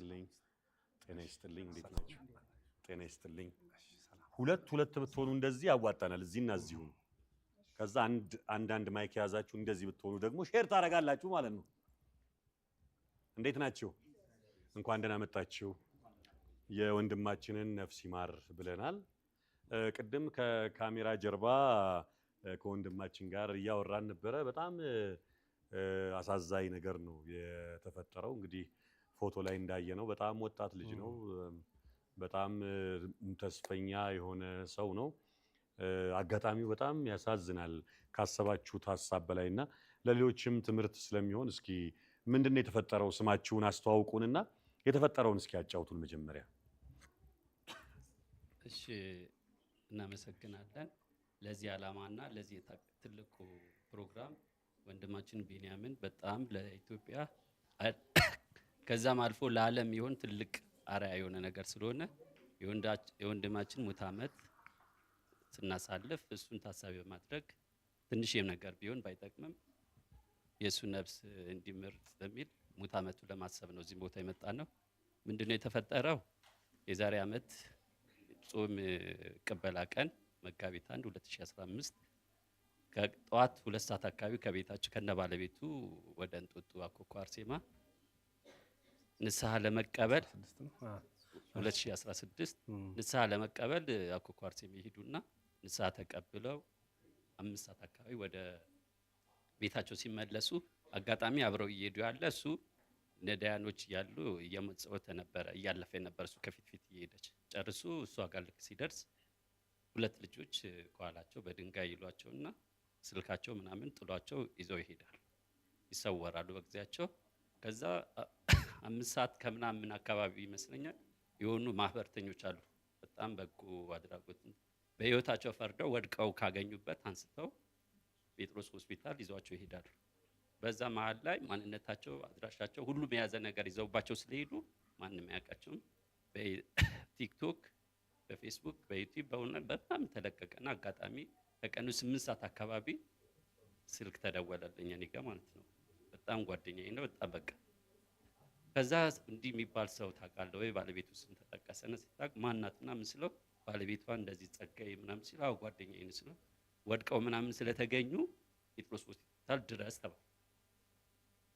ይስጥልኝ። ጤና ይስጥልኝ። እንዴት ናችሁ? ጤና ይስጥልኝ። ሁለት ሁለት ብትሆኑ እንደዚህ ያዋጣናል። እዚህና እዚሁ ነው። ከዛ አንድ አንድ ማይክ የያዛችሁ እንደዚህ ብትሆኑ ደግሞ ሼር ታደርጋላችሁ ማለት ነው። እንዴት ናችሁ? እንኳን ደህና መጣችሁ። የወንድማችንን ነፍስ ይማር ብለናል። ቅድም ከካሜራ ጀርባ ከወንድማችን ጋር እያወራን ነበረ። በጣም አሳዛኝ ነገር ነው የተፈጠረው እንግዲህ ፎቶ ላይ ነው በጣም ወጣት ልጅ ነው። በጣም ተስፈኛ የሆነ ሰው ነው። አጋጣሚው በጣም ያሳዝናል። ካሰባችሁት ሀሳብ በላይ እና ለሌሎችም ትምህርት ስለሚሆን እስኪ ምንድን ነው የተፈጠረው? ስማችሁን አስተዋውቁንና የተፈጠረውን እስኪ ያጫውቱን መጀመሪያ። እሺ፣ እናመሰግናለን ለዚህ እና ለዚህ ትልቁ ፕሮግራም ወንድማችን ቢንያምን በጣም ለኢትዮጵያ ከዛም አልፎ ለዓለም ይሆን ትልቅ አርያ የሆነ ነገር ስለሆነ የወንድማችን ሙት ዓመት ስናሳልፍ እሱን ታሳቢ በማድረግ ትንሽም ነገር ቢሆን ባይጠቅምም የእሱ ነፍስ እንዲምር በሚል ሙት ዓመቱን ለማሰብ ነው እዚህም ቦታ የመጣ ነው። ምንድነው የተፈጠረው? የዛሬ ዓመት ጾም ቅበላ ቀን መጋቢት አንድ 2015 ከጠዋት ሁለት ሰዓት አካባቢ ከቤታቸው ከነ ባለቤቱ ወደ እንጦጦ አኮኳ አርሴማ ንስሐ ለመቀበል 2016 ንስሐ ለመቀበል አኮኳርት የሚሄዱና ንስሐ ተቀብለው አምስት ሰዓት አካባቢ ወደ ቤታቸው ሲመለሱ አጋጣሚ አብረው እየሄዱ ያለ እሱ ነዳያኖች እያሉ እየመጽወተ ነበረ እያለፈ ነበር። እሱ ከፊት ፊት እየሄደች ጨርሱ እሷ ጋር ልክ ሲደርስ ሁለት ልጆች ከኋላቸው በድንጋይ ይሏቸውና ስልካቸው ምናምን ጥሏቸው ይዘው ይሄዳሉ፣ ይሰወራሉ በጊዜያቸው ከዛ አምስት ሰዓት ከምናምን አካባቢ ይመስለኛል የሆኑ ማህበርተኞች አሉ። በጣም በጎ አድራጎት በህይወታቸው ፈርደው ወድቀው ካገኙበት አንስተው ጴጥሮስ ሆስፒታል ይዟቸው ይሄዳሉ። በዛ መሀል ላይ ማንነታቸው፣ አድራሻቸው ሁሉም የያዘ ነገር ይዘውባቸው ስለሄዱ ማንም አያውቃቸውም። በቲክቶክ፣ በፌስቡክ፣ በዩቲዩብ በሆነ በጣም ተለቀቀና አጋጣሚ ከቀኑ ስምንት ሰዓት አካባቢ ስልክ ተደወለልኝ እኔ ጋ ማለት ነው። በጣም ጓደኛዬ ነው። በጣም በቃ ከዛ እንዲህ የሚባል ሰው ታውቃለህ ወይ? ባለቤቱ ስም ተጠቀሰና ሲታቅ ማናትና ምን ስለው ባለቤቷ እንደዚህ ጸጋዬ ምናምን ሲለው አዎ ጓደኛዬ ነው ስለው ወድቀው ምናምን ስለተገኙ ጴጥሮስ ሆስፒታል ድረስ ተባለ።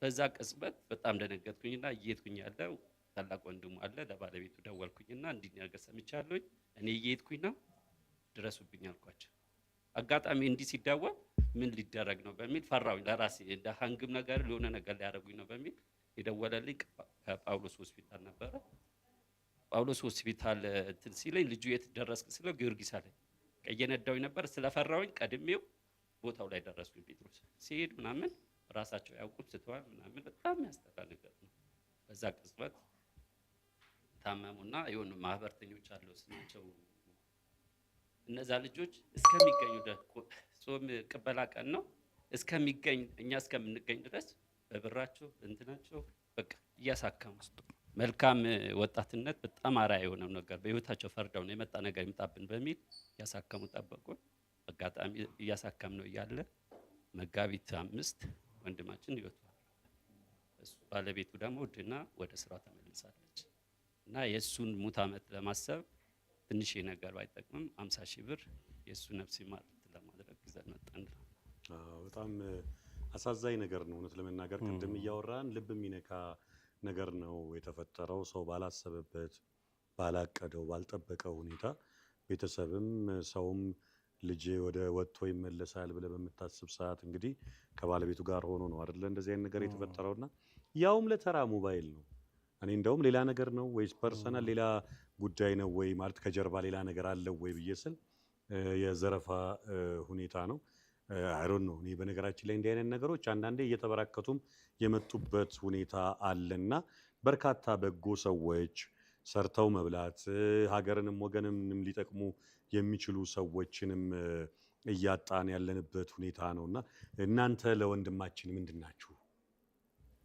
በዛ ቅጽበት በጣም ደነገጥኩኝና እየሄድኩኝ ያለ ታላቅ ወንድሙ አለ ለባለቤቱ ደወልኩኝና እንዲህ ነገር ሰምቻለሁኝ እኔ እየሄድኩኝ ነው ድረሱብኝ አልኳቸው። አጋጣሚ እንዲህ ሲደወል ምን ሊደረግ ነው በሚል ፈራሁኝ ለራሴ እንደ ሀንግም ነገር ሊሆነ ነገር ሊያደርጉኝ ነው በሚል የደወለልኝ ከጳውሎስ ሆስፒታል ነበረ። ጳውሎስ ሆስፒታል እንትን ሲለኝ ልጁ የት ደረስክ ስለው ጊዮርጊስ አለኝ። እየነዳሁኝ ነበር ስለፈራውኝ ቀድሜው ቦታው ላይ ደረስኩኝ። ጴጥሮስ ሲሄድ ምናምን ራሳቸው ያውቁም ስተዋል ምናምን በጣም ያስጠላ ነገር ነው። በዛ ቅጽበት ታመሙና የሆኑ ማህበርተኞች አለው ስናቸው እነዛ ልጆች እስከሚገኙ ጾም ቅበላ ቀን ነው እስከሚገኝ እኛ እስከምንገኝ ድረስ በብራችሁ እንትናችሁ በቃ እያሳከሙ መልካም ወጣትነት በጣም አራ የሆነው ነገር በህይወታቸው ፈርደው ነው የመጣ ነገር ይምጣብን በሚል እያሳከሙ ጠበቁን። አጋጣሚ እያሳከም ነው እያለ መጋቢት አምስት ወንድማችን ህይወቱ እሱ ባለቤቱ ደግሞ ድና ወደ ስራ ተመልሳለች እና የእሱን ሙት አመት ለማሰብ ትንሽ ነገር ባይጠቅምም አምሳ ሺህ ብር የእሱ ነፍስ ይማር ለማድረግ ይዘን መጣን። በጣም አሳዛኝ ነገር ነው። እውነት ለመናገር ቅድም እያወራን ልብ የሚነካ ነገር ነው የተፈጠረው። ሰው ባላሰበበት፣ ባላቀደው፣ ባልጠበቀው ሁኔታ ቤተሰብም ሰውም ልጄ ወደ ወጥቶ ይመለሳል ብለህ በምታስብ ሰዓት እንግዲህ ከባለቤቱ ጋር ሆኖ ነው አይደለ እንደዚህ አይነት ነገር የተፈጠረውና ያውም ለተራ ሞባይል ነው። እኔ እንደውም ሌላ ነገር ነው ወይስ ፐርሰናል ሌላ ጉዳይ ነው ወይ ማለት ከጀርባ ሌላ ነገር አለው ወይ ብዬ ስል የዘረፋ ሁኔታ ነው። አይሮን ነው። እኔ በነገራችን ላይ እንዲህ አይነት ነገሮች አንዳንዴ እየተበራከቱም የመጡበት ሁኔታ አለና በርካታ በጎ ሰዎች ሰርተው መብላት ሀገርንም ወገንንም ሊጠቅሙ የሚችሉ ሰዎችንም እያጣን ያለንበት ሁኔታ ነው እና እናንተ ለወንድማችን ምንድን ናችሁ?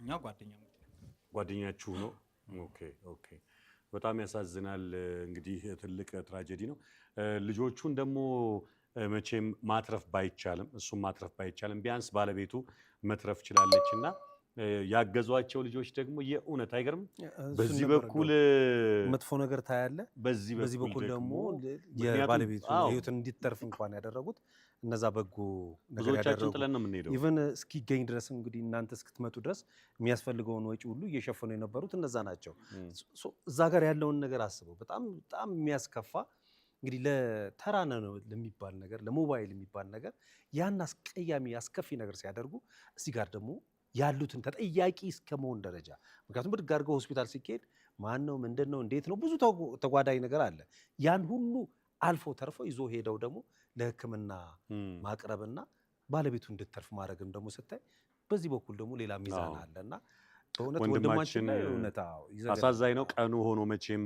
እኛ ጓደኛ ጓደኛችሁ ነው። ኦኬ ኦኬ። በጣም ያሳዝናል። እንግዲህ ትልቅ ትራጀዲ ነው። ልጆቹን ደግሞ መቼም ማትረፍ ባይቻልም እሱም ማትረፍ ባይቻልም ቢያንስ ባለቤቱ መትረፍ ችላለች እና ያገዟቸው ልጆች ደግሞ የእውነት አይገርም። በዚህ በኩል መጥፎ ነገር ታያለ፣ በዚህ በኩል ደግሞ የባለቤቱ ህይወትን እንዲተርፍ እንኳን ያደረጉት እነዛ በጎ ነገር ጥለን ነው የምንሄደው። ኢቨን እስኪገኝ ድረስ እንግዲህ እናንተ እስክትመጡ ድረስ የሚያስፈልገውን ወጪ ሁሉ እየሸፈኑ የነበሩት እነዛ ናቸው። እዛ ጋር ያለውን ነገር አስበው። በጣም በጣም የሚያስከፋ እንግዲህ ለተራነ ነው ለሚባል ነገር ለሞባይል የሚባል ነገር ያን አስቀያሚ አስከፊ ነገር ሲያደርጉ እዚህ ጋር ደግሞ ያሉትን ተጠያቂ እስከ መሆን ደረጃ ምክንያቱም ብድግ አድርገው ሆስፒታል ሲካሄድ ማን ነው ምንድን ነው እንዴት ነው ብዙ ተጓዳኝ ነገር አለ። ያን ሁሉ አልፎ ተርፎ ይዞ ሄደው ደግሞ ለህክምና ማቅረብና ባለቤቱ እንድትተርፍ ማድረግም ደግሞ ስታይ በዚህ በኩል ደግሞ ሌላ ሚዛን አለና በእውነት ወንድማችን አሳዛኝ ነው ቀኑ ሆኖ መቼም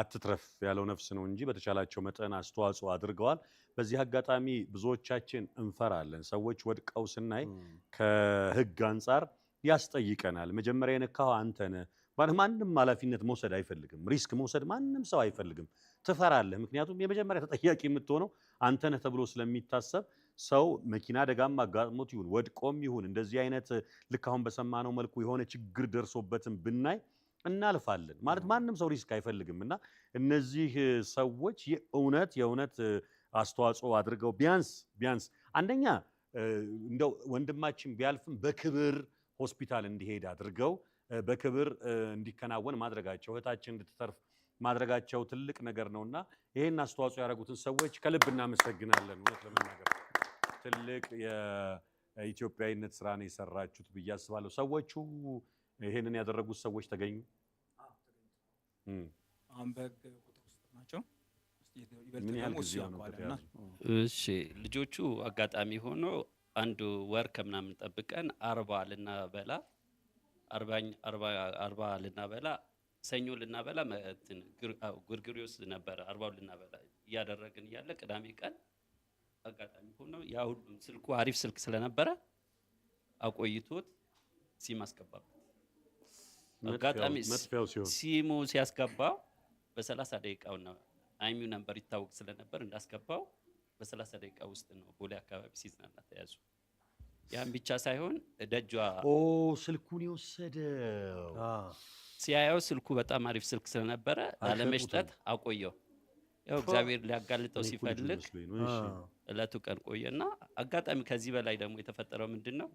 አትትረፍ ያለው ነፍስ ነው እንጂ በተቻላቸው መጠን አስተዋጽኦ አድርገዋል። በዚህ አጋጣሚ ብዙዎቻችን እንፈራለን። ሰዎች ወድቀው ስናይ ከህግ አንጻር ያስጠይቀናል። መጀመሪያ የነካው አንተ ነህ። ማንም ኃላፊነት መውሰድ አይፈልግም። ሪስክ መውሰድ ማንም ሰው አይፈልግም። ትፈራለህ። ምክንያቱም የመጀመሪያ ተጠያቂ የምትሆነው አንተ ነህ ተብሎ ስለሚታሰብ ሰው መኪና አደጋም አጋጥሞት ይሁን ወድቆም ይሁን እንደዚህ አይነት ልክ አሁን በሰማነው መልኩ የሆነ ችግር ደርሶበትም ብናይ እናልፋለን ማለት ማንም ሰው ሪስክ አይፈልግም እና እነዚህ ሰዎች የእውነት የእውነት አስተዋጽኦ አድርገው ቢያንስ ቢያንስ አንደኛ እንደው ወንድማችን ቢያልፍም በክብር ሆስፒታል እንዲሄድ አድርገው በክብር እንዲከናወን ማድረጋቸው እህታችን እንድትተርፍ ማድረጋቸው ትልቅ ነገር ነውና ይሄን አስተዋጽኦ ያደረጉትን ሰዎች ከልብ እናመሰግናለን። እውነት ለመናገር ትልቅ የኢትዮጵያዊነት ስራ ነው የሰራችሁት ብዬ አስባለሁ። ሰዎቹ ይሄንን ያደረጉት ሰዎች ተገኙ። እሺ ልጆቹ አጋጣሚ ሆኖ አንድ ወር ከምናምን ጠብቀን አርባ ልናበላ አርባ ልናበላ ሰኞ ልናበላ ጉርጉሪዎስ ነበረ አርባው ልናበላ እያደረግን እያለ ቅዳሜ ቀን አጋጣሚ ሆኖ ያ ሁሉም ስልኩ አሪፍ ስልክ ስለነበረ አቆይቶት ሲም አስገባበት። አጋጣሚ ሲሙ ሲያስገባው በሰላሳ ደቂቃው ነው አይሚው ነበር ይታወቅ ስለነበር እንዳስገባው በሰላሳ ደቂቃ ውስጥ ነው ቦሌ አካባቢ ሲዝናና ተያዙ። ያን ብቻ ሳይሆን ደጇ ስልኩን የወሰደው ሲያየው ስልኩ በጣም አሪፍ ስልክ ስለነበረ ላለመሽጠት አቆየው። ያው እግዚአብሔር ሊያጋልጠው ሲፈልግ እለቱ ቀን ቆየና አጋጣሚ ከዚህ በላይ ደግሞ የተፈጠረው ምንድን ነው?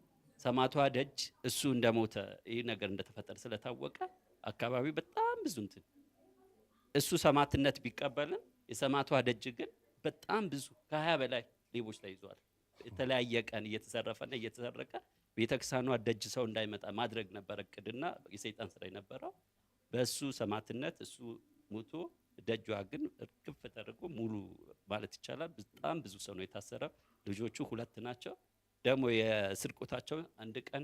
ሰማቷ ደጅ እሱ እንደሞተ ይህ ነገር እንደተፈጠረ ስለታወቀ አካባቢ በጣም ብዙ እንትን እሱ ሰማዕትነት ቢቀበልም የሰማቷ ደጅ ግን በጣም ብዙ ከሀያ በላይ ሌቦች ላይ ይዟል። የተለያየ ቀን እየተዘረፈና እየተሰረቀ ቤተክርስቲያኗ ደጅ ሰው እንዳይመጣ ማድረግ ነበር እቅድና የሰይጣን ስራ የነበረው። በእሱ ሰማዕትነት እሱ ሞቶ ደጇ ግን እርግፍ ተደርጎ ሙሉ ማለት ይቻላል በጣም ብዙ ሰው ነው የታሰረ። ልጆቹ ሁለት ናቸው። ደግሞ የስርቆታቸው አንድ ቀን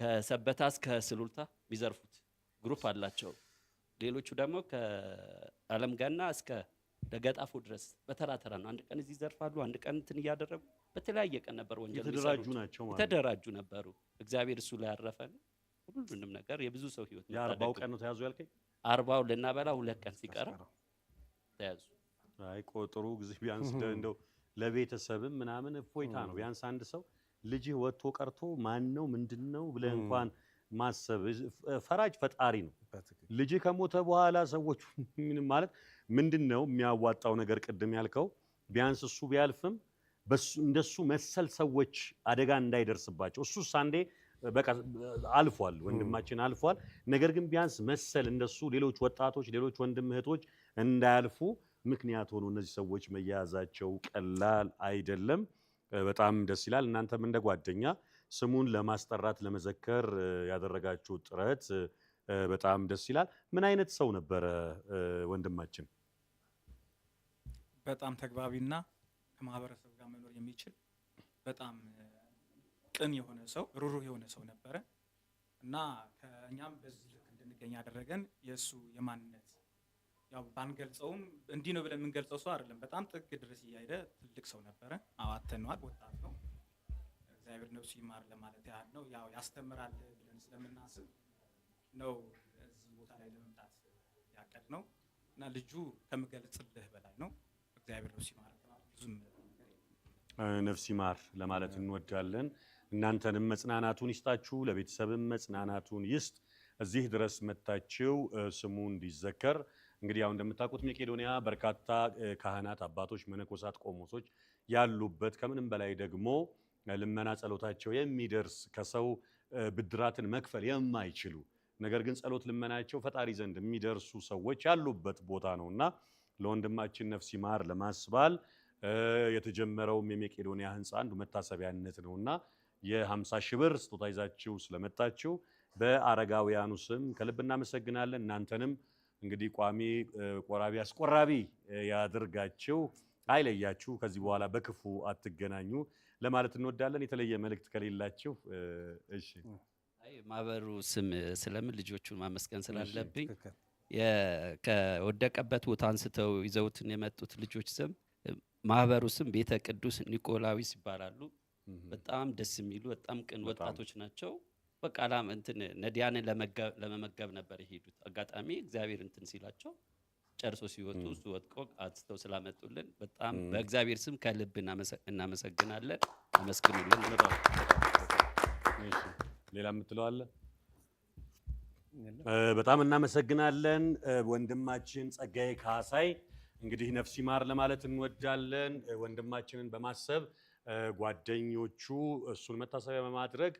ከሰበታ እስከ ስሉልታ የሚዘርፉት ግሩፕ አላቸው። ሌሎቹ ደግሞ ከአለም ገና እስከ ለገጣፎ ድረስ በተራ ተራ ነው። አንድ ቀን እዚህ ይዘርፋሉ፣ አንድ ቀን እንትን እያደረጉ በተለያየ ቀን ነበር ወንጀል የተደራጁ ናቸው ማለት የተደራጁ ነበሩ። እግዚአብሔር እሱ ላይ ያረፈን ሁሉንም ነገር የብዙ ሰው ህይወት ነው። የአርባው ቀን ነው ተያዙ ያልከኝ? አርባው ልናበላ ሁለት ቀን ሲቀራ ተያዙ። አይ ቆጥሩ ጊዜ ቢያንስ እንደው ለቤተሰብም ምናምን እፎይታ ነው። ቢያንስ አንድ ሰው ልጅህ ወጥቶ ቀርቶ ማን ነው ምንድን ነው ብለህ እንኳን ማሰብ ፈራጅ ፈጣሪ ነው። ልጅ ከሞተ በኋላ ሰዎች ማለት ምንድን ነው የሚያዋጣው ነገር? ቅድም ያልከው ቢያንስ እሱ ቢያልፍም እንደሱ መሰል ሰዎች አደጋ እንዳይደርስባቸው እሱ ሳንዴ በቃ አልፏል፣ ወንድማችን አልፏል። ነገር ግን ቢያንስ መሰል እንደሱ ሌሎች ወጣቶች፣ ሌሎች ወንድም እህቶች እንዳያልፉ ምክንያት ሆኖ እነዚህ ሰዎች መያያዛቸው ቀላል አይደለም። በጣም ደስ ይላል። እናንተም እንደ ጓደኛ ስሙን ለማስጠራት ለመዘከር ያደረጋችሁ ጥረት በጣም ደስ ይላል። ምን አይነት ሰው ነበረ ወንድማችን? በጣም ተግባቢና ከማህበረሰብ ጋር መኖር የሚችል በጣም ቅን የሆነ ሰው፣ ሩሩህ የሆነ ሰው ነበረ እና ከእኛም በዚህ ልክ እንድንገኝ ያደረገን የእሱ የማንነት ያው ባንገልጸውም እንዲህ ነው ብለን የምንገልጸው ሰው አይደለም። በጣም ጥግ ድረስ እያሄደ ትልቅ ሰው ነበረ። አዋተነዋል። ወጣት ነው። እግዚአብሔር ነፍሱ ይማር ለማለት ያህል ነው። ያው ያስተምራል ብለን ስለምናስብ ነው እዚህ ቦታ ላይ ለመምጣት ያቀድ ነው እና ልጁ ከምገልጽልህ በላይ ነው። እግዚአብሔር ነፍሱ ይማር ብዙም ነፍስ ይማር ለማለት እንወዳለን። እናንተንም መጽናናቱን ይስጣችሁ፣ ለቤተሰብም መጽናናቱን ይስጥ። እዚህ ድረስ መታችው ስሙ እንዲዘከር እንግዲህ አሁን እንደምታውቁት መቄዶንያ በርካታ ካህናት፣ አባቶች፣ መነኮሳት፣ ቆሞሶች ያሉበት ከምንም በላይ ደግሞ ልመና ጸሎታቸው የሚደርስ ከሰው ብድራትን መክፈል የማይችሉ ነገር ግን ጸሎት ልመናቸው ፈጣሪ ዘንድ የሚደርሱ ሰዎች ያሉበት ቦታ ነው እና ለወንድማችን ነፍስ ይማር ለማስባል የተጀመረውም የመቄዶንያ ህንፃ አንዱ መታሰቢያነት ነው እና የ50 ሺህ ብር ስጦታ ይዛችሁ ስለመጣችሁ በአረጋውያኑ ስም ከልብ እናመሰግናለን እናንተንም እንግዲህ ቋሚ ቆራቢ አስቆራቢ ያድርጋችሁ፣ አይለያችሁ። ከዚህ በኋላ በክፉ አትገናኙ ለማለት እንወዳለን። የተለየ መልእክት ከሌላችሁ እሺ። ማህበሩ ስም ስለምን ልጆቹን ማመስገን ስላለብኝ ከወደቀበት ቦታ አንስተው ይዘውትን የመጡት ልጆች ስም ማህበሩ ስም ቤተ ቅዱስ ኒቆላዊስ ይባላሉ። በጣም ደስ የሚሉ በጣም ቅን ወጣቶች ናቸው። በቃ አላም እንትን ነዲያንን ለመመገብ ነበር የሄዱት። አጋጣሚ እግዚአብሔር እንትን ሲላቸው ጨርሶ ሲወጡ እሱ ወጥቆ አትተው ስላመጡልን በጣም በእግዚአብሔር ስም ከልብ እናመሰግናለን። አመስግኑልን። ሌላ የምትለው አለ? በጣም እናመሰግናለን ወንድማችን ጸጋዬ ካሳይ። እንግዲህ ነፍስ ይማር ለማለት እንወዳለን። ወንድማችንን በማሰብ ጓደኞቹ እሱን መታሰቢያ በማድረግ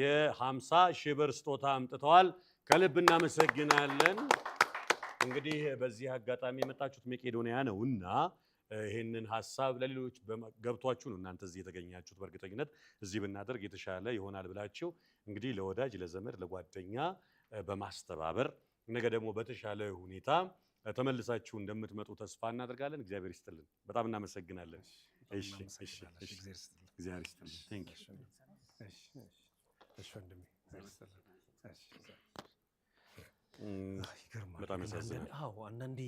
የሀምሳ ሽብር ሺህ ብር ስጦታ አምጥተዋል። ከልብ እናመሰግናለን። እንግዲህ በዚህ አጋጣሚ የመጣችሁት መቄዶንያ ነው እና ይህንን ሀሳብ ለሌሎች ገብቷችሁ ነው እናንተ እዚህ የተገኛችሁት። በእርግጠኝነት እዚህ ብናደርግ የተሻለ ይሆናል ብላችሁ እንግዲህ ለወዳጅ ለዘመድ፣ ለጓደኛ በማስተባበር ነገ ደግሞ በተሻለ ሁኔታ ተመልሳችሁ እንደምትመጡ ተስፋ እናደርጋለን። እግዚአብሔር ይስጥልን። በጣም እናመሰግናለን። እግዚአብሔር ይስጥልን። እሺ ወንድሜ በጣም ያሳዝናል። አንዳንዴ